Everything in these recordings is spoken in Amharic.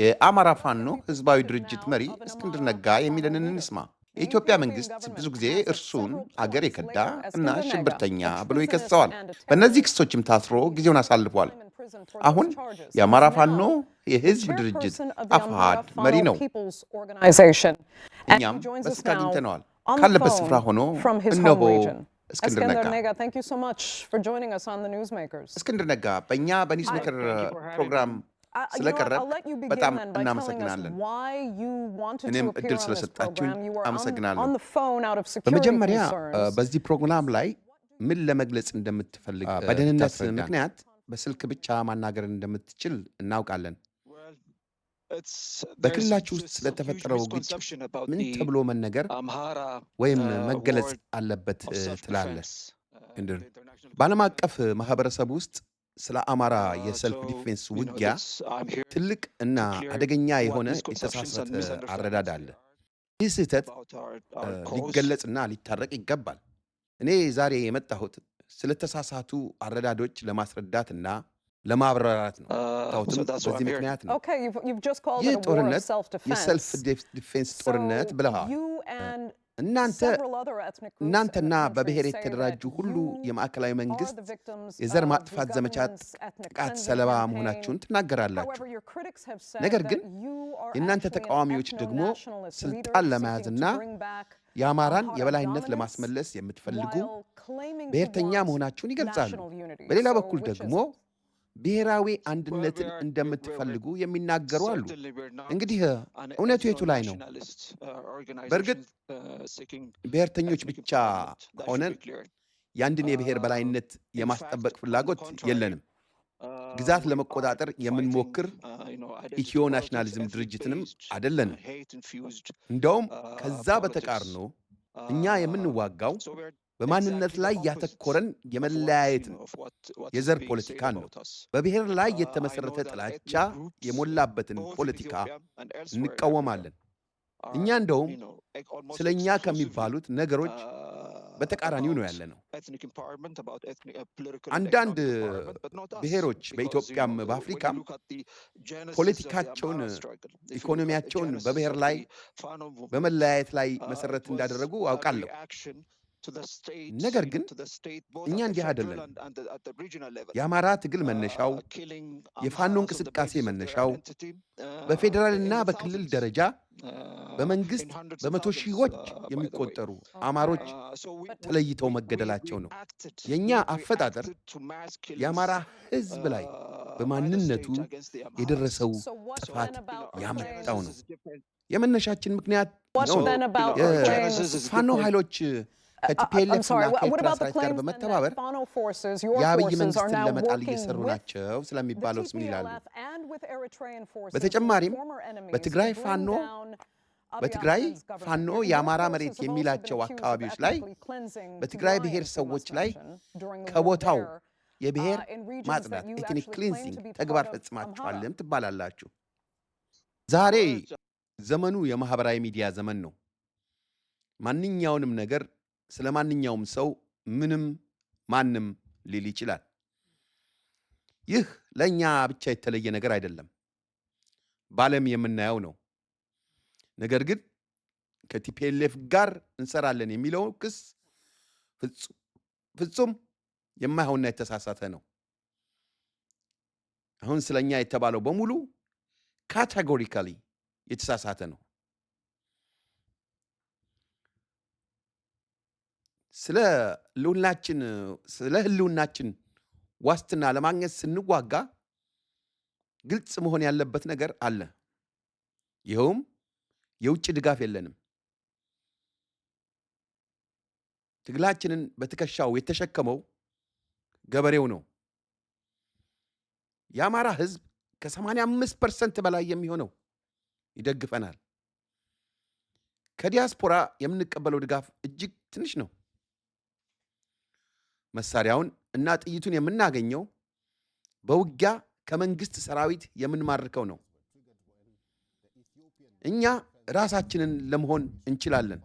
የአማራ ፋኖ ህዝባዊ ድርጅት መሪ እስክንድር ነጋ የሚለንን እንስማ። የኢትዮጵያ መንግስት ብዙ ጊዜ እርሱን አገር የከዳ እና ሽብርተኛ ብሎ ይከሰዋል። በእነዚህ ክሶችም ታስሮ ጊዜውን አሳልፏል። አሁን የአማራ ፋኖ የህዝብ ድርጅት አፋሃድ መሪ ነው። እኛም በስልክ አግኝተነዋል። ካለበት ስፍራ ሆኖ እነሆ እስክንድር ነጋ። እስክንድር ነጋ በእኛ በኒውስሜከር ፕሮግራም ስለቀረብ በጣም እናመሰግናለን። እኔም እድል ስለሰጣችሁኝ አመሰግናለሁ። በመጀመሪያ በዚህ ፕሮግራም ላይ ምን ለመግለጽ እንደምትፈልግ በደህንነት ምክንያት በስልክ ብቻ ማናገር እንደምትችል እናውቃለን። በክልላችሁ ውስጥ ስለተፈጠረው ግጭት ምን ተብሎ መነገር ወይም መገለጽ አለበት ትላለህ? በዓለም አቀፍ ማህበረሰብ ውስጥ ስለ አማራ uh, የሰልፍ ዲፌንስ ውጊያ ትልቅ እና አደገኛ የሆነ የተሳሳተ አረዳድ አለ። ይህ ስህተት ሊገለጽና ሊታረቅ ይገባል። እኔ ዛሬ የመጣሁት ስለተሳሳቱ አረዳዶች ለማስረዳት እና ለማብራራት ነው። ታሁትም uh, በዚህ ምክንያት ነው። ይህ ጦርነት የሰልፍ ዲፌንስ ጦርነት ብለሃል። እናንተና በብሔር የተደራጁ ሁሉ የማዕከላዊ መንግስት የዘር ማጥፋት ዘመቻ ጥቃት ሰለባ መሆናችሁን ትናገራላችሁ። ነገር ግን የእናንተ ተቃዋሚዎች ደግሞ ስልጣን ለመያዝና የአማራን የበላይነት ለማስመለስ የምትፈልጉ ብሔርተኛ መሆናችሁን ይገልጻሉ። በሌላ በኩል ደግሞ ብሔራዊ አንድነትን እንደምትፈልጉ የሚናገሩ አሉ። እንግዲህ uh, እውነቱ የቱ ላይ ነው? Uh, በእርግጥ uh, ብሔርተኞች ብቻ ሆነን የአንድን የብሔር በላይነት የማስጠበቅ ፍላጎት የለንም። ግዛት ለመቆጣጠር የምንሞክር ኢትዮ ናሽናሊዝም ድርጅትንም አይደለንም። እንደውም ከዛ በተቃርኖ እኛ የምንዋጋው በማንነት ላይ ያተኮረን የመለያየት ነው፣ የዘር ፖለቲካን ነው። በብሔር uh, ላይ የተመሰረተ ጥላቻ የሞላበትን ፖለቲካ እንቃወማለን። እኛ እንደውም ስለ እኛ ከሚባሉት ነገሮች uh, በተቃራኒው ነው ያለ ነው። uh, አንዳንድ ብሔሮች በኢትዮጵያም በአፍሪካም ፖለቲካቸውን፣ ኢኮኖሚያቸውን በብሔር ላይ በመለያየት ላይ መሰረት እንዳደረጉ አውቃለሁ። ነገር ግን እኛ እንዲህ አይደለም። የአማራ ትግል uh, መነሻው፣ uh, uh, የፋኖ እንቅስቃሴ መነሻው በፌዴራልና በክልል ደረጃ በመንግስት በመቶ ሺዎች የሚቆጠሩ አማሮች ተለይተው መገደላቸው ነው። የእኛ አፈጣጠር የአማራ ህዝብ ላይ በማንነቱ የደረሰው ጥፋት ያመጣው ነው። የመነሻችን ምክንያት ነው። ኃይሎች Uh, uh, ከቲፒኤልኤፍና ከኤርትራ ሰራዊት ጋር በመተባበር የአብይ መንግስትን ለመጣል እየሰሩ ናቸው ስለሚባለውስ ምን ይላሉ? በተጨማሪም በትግራይ ፋኖ በትግራይ ፋኖ የአማራ መሬት የሚላቸው አካባቢዎች ላይ በትግራይ ብሔር ሰዎች ላይ ከቦታው የብሔር uh, ማጽዳት ኤትኒክ ክሊንሲንግ ተግባር ፈጽማችኋልም uh-huh. ትባላላችሁ። ዛሬ ዘመኑ የማህበራዊ ሚዲያ ዘመን ነው። ማንኛውንም ነገር ስለ ማንኛውም ሰው ምንም ማንም ሊል ይችላል። ይህ ለእኛ ብቻ የተለየ ነገር አይደለም፣ በዓለም የምናየው ነው። ነገር ግን ከቲፒኤልኤፍ ጋር እንሰራለን የሚለው ክስ ፍጹም የማይሆንና የተሳሳተ ነው። አሁን ስለኛ የተባለው በሙሉ ካታጎሪካሊ የተሳሳተ ነው። ስለ ስለ ህልውናችን ዋስትና ለማግኘት ስንዋጋ ግልጽ መሆን ያለበት ነገር አለ። ይኸውም የውጭ ድጋፍ የለንም። ትግላችንን በትከሻው የተሸከመው ገበሬው ነው። የአማራ ህዝብ ከ85 ፐርሰንት በላይ የሚሆነው ይደግፈናል። ከዲያስፖራ የምንቀበለው ድጋፍ እጅግ ትንሽ ነው። መሳሪያውን እና ጥይቱን የምናገኘው በውጊያ ከመንግስት ሰራዊት የምንማርከው ነው። እኛ ራሳችንን ለመሆን እንችላለን።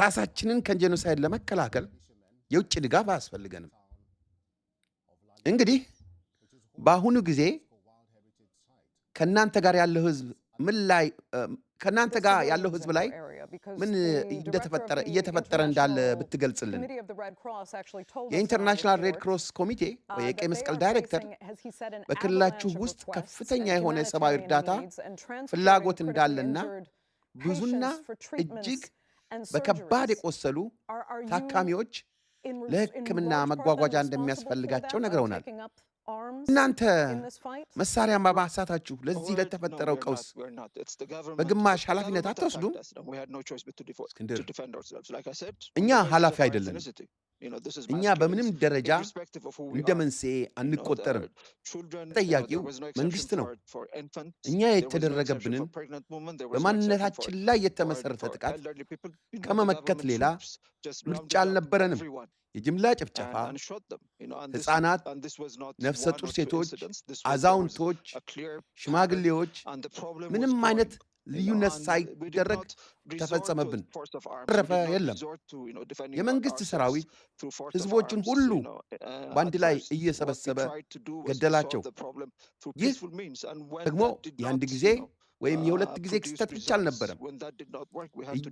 ራሳችንን ከጀኖሳይድ ለመከላከል የውጭ ድጋፍ አያስፈልገንም። እንግዲህ በአሁኑ ጊዜ ከእናንተ ጋር ያለው ህዝብ ምን ላይ ከእናንተ ጋር ያለው ህዝብ ላይ ምን እንደተፈጠረ እየተፈጠረ እንዳለ ብትገልጽልን። የኢንተርናሽናል ሬድ ክሮስ ኮሚቴ uh, ወይ የቀይ መስቀል ዳይሬክተር በክልላችሁ ውስጥ ከፍተኛ የሆነ ሰብአዊ እርዳታ ፍላጎት እንዳለና ብዙና እጅግ በከባድ የቆሰሉ ታካሚዎች ለሕክምና መጓጓዣ እንደሚያስፈልጋቸው ነግረውናል። እናንተ መሳሪያ ማባሳታችሁ ለዚህ ለተፈጠረው ቀውስ በግማሽ ኃላፊነት አትወስዱም? እስክንድር፣ እኛ ኃላፊ አይደለንም። እኛ በምንም ደረጃ እንደ መንስኤ አንቆጠርም። ተጠያቂው መንግስት ነው። እኛ የተደረገብንን በማንነታችን ላይ የተመሰረተ ጥቃት ከመመከት ሌላ ምርጫ አልነበረንም። የጅምላ ጭፍጨፋ፣ ህፃናት፣ ነፍሰ ጡር ሴቶች፣ አዛውንቶች፣ ሽማግሌዎች ምንም አይነት ልዩነት ሳይደረግ ተፈጸመብን። ረፈ የለም። የመንግስት ሰራዊት ህዝቦችን ሁሉ uh, በአንድ ላይ እየሰበሰበ ገደላቸው። ይህ ደግሞ የአንድ ጊዜ ወይም uh, የሁለት ጊዜ ክስተት ብቻ አልነበረም።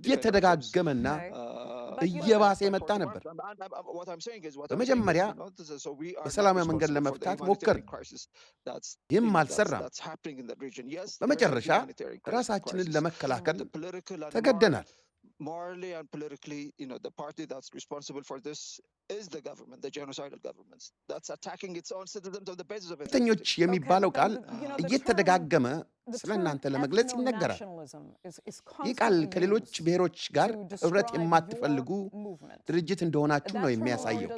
እየተደጋገመና uh, እየባሰ የመጣ ነበር። በመጀመሪያ በሰላማዊ መንገድ ለመፍታት ሞከር፣ ይህም አልሰራም። በመጨረሻ ራሳችንን ለመከላከል ተገደናል። ተኞች የሚባለው ቃል እየተደጋገመ ስለ እናንተ ለመግለጽ ይነገራል። ይህ ቃል ከሌሎች ብሔሮች ጋር እብረት የማትፈልጉ ድርጅት እንደሆናችሁ ነው የሚያሳየው።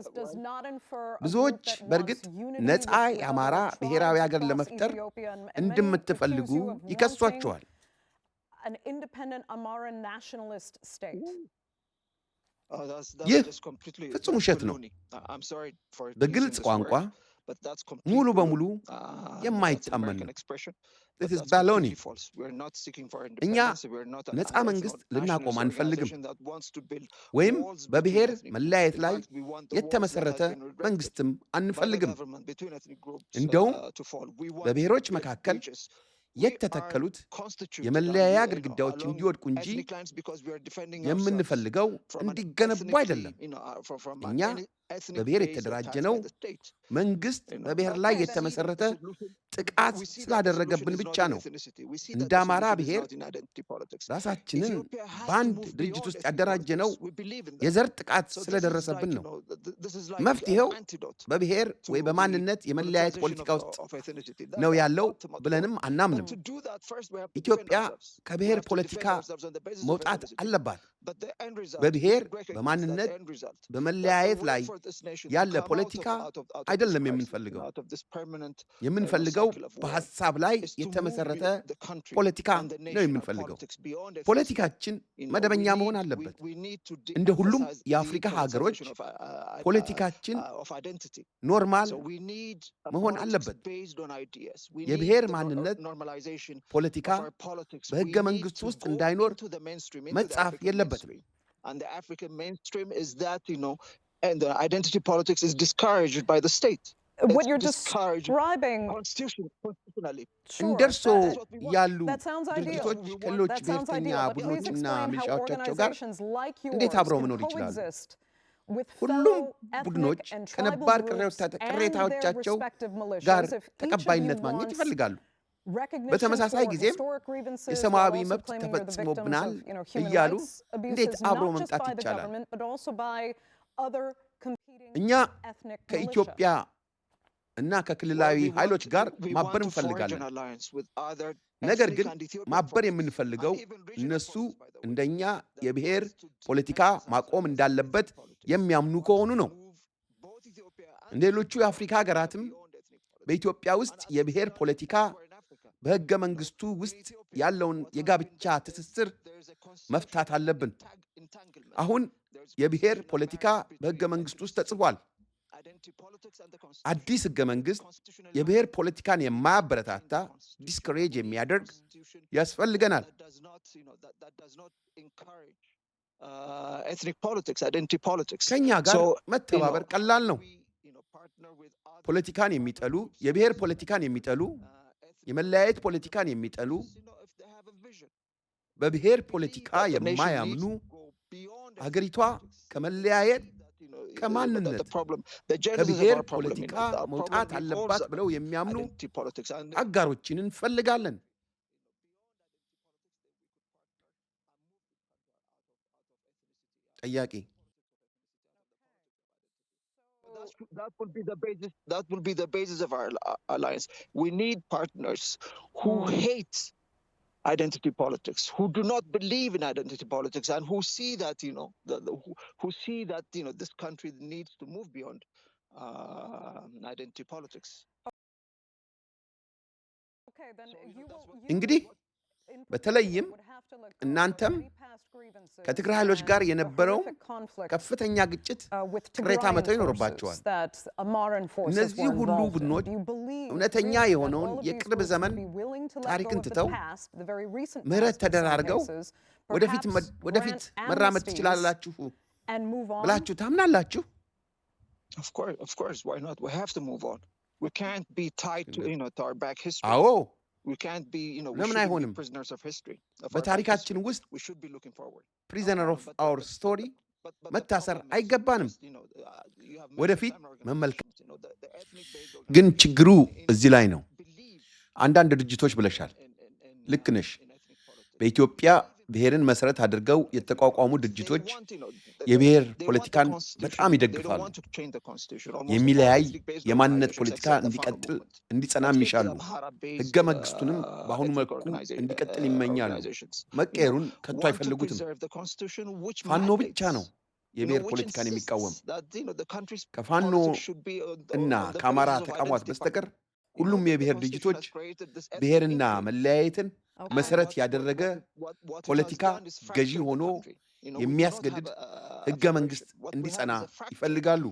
ብዙዎች በእርግጥ ነፃ የአማራ ብሔራዊ ሀገር ለመፍጠር እንደምትፈልጉ ይከሷችኋል። oh, ይህ ፍጹም ውሸት ነው። uh, በግልጽ ቋንቋ ሙሉ በሙሉ uh, የማይታመን ነው። ባሎኒ እኛ ነፃ መንግስት ልናቆም አንፈልግም፣ ወይም በብሔር መለያየት ላይ የተመሰረተ መንግስትም አንፈልግም። uh, እንደውም በብሔሮች መካከል የተተከሉት የመለያያ ግድግዳዎች እንዲወድቁ እንጂ የምንፈልገው እንዲገነቡ አይደለም። እኛ በብሔር የተደራጀ ነው። መንግስት በብሔር ላይ የተመሰረተ ጥቃት ስላደረገብን ብቻ ነው። እንደ አማራ ብሔር ራሳችንን በአንድ ድርጅት ውስጥ ያደራጀ ነው የዘር ጥቃት ስለደረሰብን ነው። መፍትሄው በብሔር ወይ በማንነት የመለያየት ፖለቲካ ውስጥ ነው ያለው ብለንም አናምነ አይቻልም። ኢትዮጵያ ከብሔር ፖለቲካ መውጣት አለባት። በብሔር በማንነት በመለያየት ላይ ያለ ፖለቲካ አይደለም የምንፈልገው። uh, የምንፈልገው በሀሳብ ላይ የተመሰረተ ፖለቲካ ነው የምንፈልገው። ፖለቲካችን መደበኛ መሆን አለበት። እንደ ሁሉም የአፍሪካ ሀገሮች uh, uh, ፖለቲካችን ኖርማል መሆን አለበት። የብሔር ማንነት ፖለቲካ በህገ መንግስት ውስጥ እንዳይኖር መጻፍ የለበትም። እንደርሶ ያሉ ድርጅቶች ከሌሎች ብሔርተኛ ቡድኖችና ምልሻዎቻቸው ጋር እንዴት አብረው መኖር ይችላሉ? ሁሉም ቡድኖች ከነባር ቅሬታዎቻቸው ጋር ተቀባይነት ማግኘት ይፈልጋሉ። በተመሳሳይ ጊዜም የሰማዊ መብት ተፈጽሞብናል እያሉ እንዴት አብሮ መምጣት ይቻላል? እኛ ከኢትዮጵያ እና ከክልላዊ ኃይሎች ጋር ማበር እንፈልጋለን። ነገር ግን ማበር የምንፈልገው እነሱ እንደኛ የብሔር ፖለቲካ ማቆም እንዳለበት የሚያምኑ ከሆኑ ነው። እንደ ሌሎቹ የአፍሪካ ሀገራትም በኢትዮጵያ ውስጥ የብሔር ፖለቲካ በሕገ መንግሥቱ ውስጥ ያለውን የጋብቻ ትስስር መፍታት አለብን። አሁን የብሔር ፖለቲካ በሕገ መንግሥቱ ውስጥ ተጽፏል። አዲስ ሕገ መንግሥት የብሔር ፖለቲካን የማያበረታታ ዲስከሬጅ የሚያደርግ ያስፈልገናል። ከእኛ ጋር መተባበር ቀላል ነው። ፖለቲካን የሚጠሉ የብሔር ፖለቲካን የሚጠሉ የመለያየት ፖለቲካን የሚጠሉ በብሔር ፖለቲካ የማያምኑ ሀገሪቷ ከመለያየት ከማንነት ከብሔር ፖለቲካ መውጣት አለባት ብለው የሚያምኑ አጋሮችን እንፈልጋለን። ጠያቂ that, that will be the basis. That will be the basis of our uh, alliance. We need partners who mm. hate identity politics, who do not believe in identity politics, and who see that you know, the, the, who, who, see that you know, this country needs to move beyond uh, identity politics. እንግዲህ በተለይም እናንተም ከትግራይ ኃይሎች ጋር የነበረው ከፍተኛ ግጭት uh, ቅሬታ መተው ይኖርባቸዋል። uh, እነዚህ ሁሉ ቡድኖች እውነተኛ የሆነውን የቅርብ ዘመን ታሪክን ትተው ምሕረት ተደራርገው ወደፊት መራመድ ትችላላችሁ ብላችሁ ታምናላችሁ? አዎ ለምን አይሆንም? በታሪካችን ውስጥ ፕሪዘነር ኦፍ አውር ስቶሪ መታሰር አይገባንም። uh, ወደፊት መመልከት ግን ችግሩ እዚህ ላይ ነው። አንዳንድ ድርጅቶች ብለሻል፣ ልክ uh, ነሽ። በኢትዮጵያ ብሔርን መሰረት አድርገው የተቋቋሙ ድርጅቶች የብሔር ፖለቲካን በጣም ይደግፋሉ። የሚለያይ የማንነት ፖለቲካ እንዲቀጥል እንዲጸና ይሻሉ። ህገ uh, መንግስቱንም በአሁኑ መልኩ እንዲቀጥል uh, ይመኛሉ። መቀየሩን ከቶ አይፈልጉትም። ፋኖ ብቻ ነው የብሔር ፖለቲካን የሚቃወም። ከፋኖ እና ከአማራ ተቋማት በስተቀር ሁሉም የብሔር ድርጅቶች ብሔርና መለያየትን መሰረት ያደረገ ፖለቲካ ገዢ ሆኖ የሚያስገድድ ህገ መንግስት እንዲጸና ይፈልጋሉ።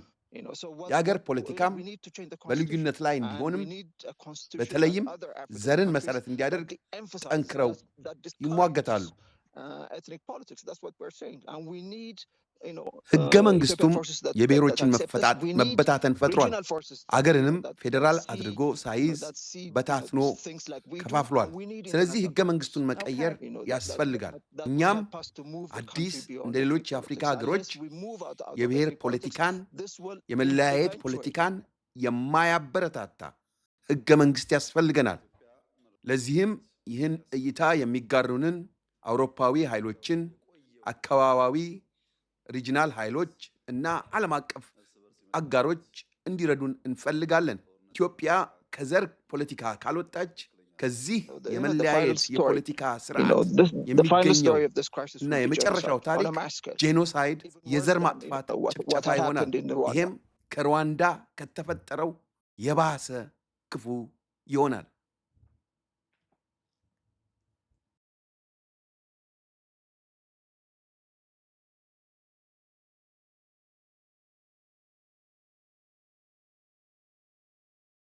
የሀገር ፖለቲካም በልዩነት ላይ እንዲሆንም በተለይም ዘርን መሰረት እንዲያደርግ ጠንክረው ይሟገታሉ። uh, Uh, ህገ መንግስቱም የብሔሮችን መበታተን ፈጥሯል። አገርንም ፌዴራል አድርጎ uh, ሳይዝ uh, በታትኖ ከፋፍሏል። ስለዚህ ህገ መንግስቱን መቀየር ያስፈልጋል። እኛም አዲስ እንደ ሌሎች የአፍሪካ ሀገሮች የብሔር ፖለቲካን፣ የመለያየት ፖለቲካን የማያበረታታ ህገ መንግስት ያስፈልገናል። ለዚህም ይህን እይታ የሚጋሩንን አውሮፓዊ ኃይሎችን አካባባዊ ሪጂናል ኃይሎች እና ዓለም አቀፍ አጋሮች እንዲረዱን እንፈልጋለን። ኢትዮጵያ ከዘር ፖለቲካ ካልወጣች ከዚህ የመለያየት የፖለቲካ ስርዓት የሚገኘው እና የመጨረሻው ታሪክ ጄኖሳይድ፣ የዘር ማጥፋት ጭፍጨፋ ይሆናል። ይሄም ከሩዋንዳ ከተፈጠረው የባሰ ክፉ ይሆናል።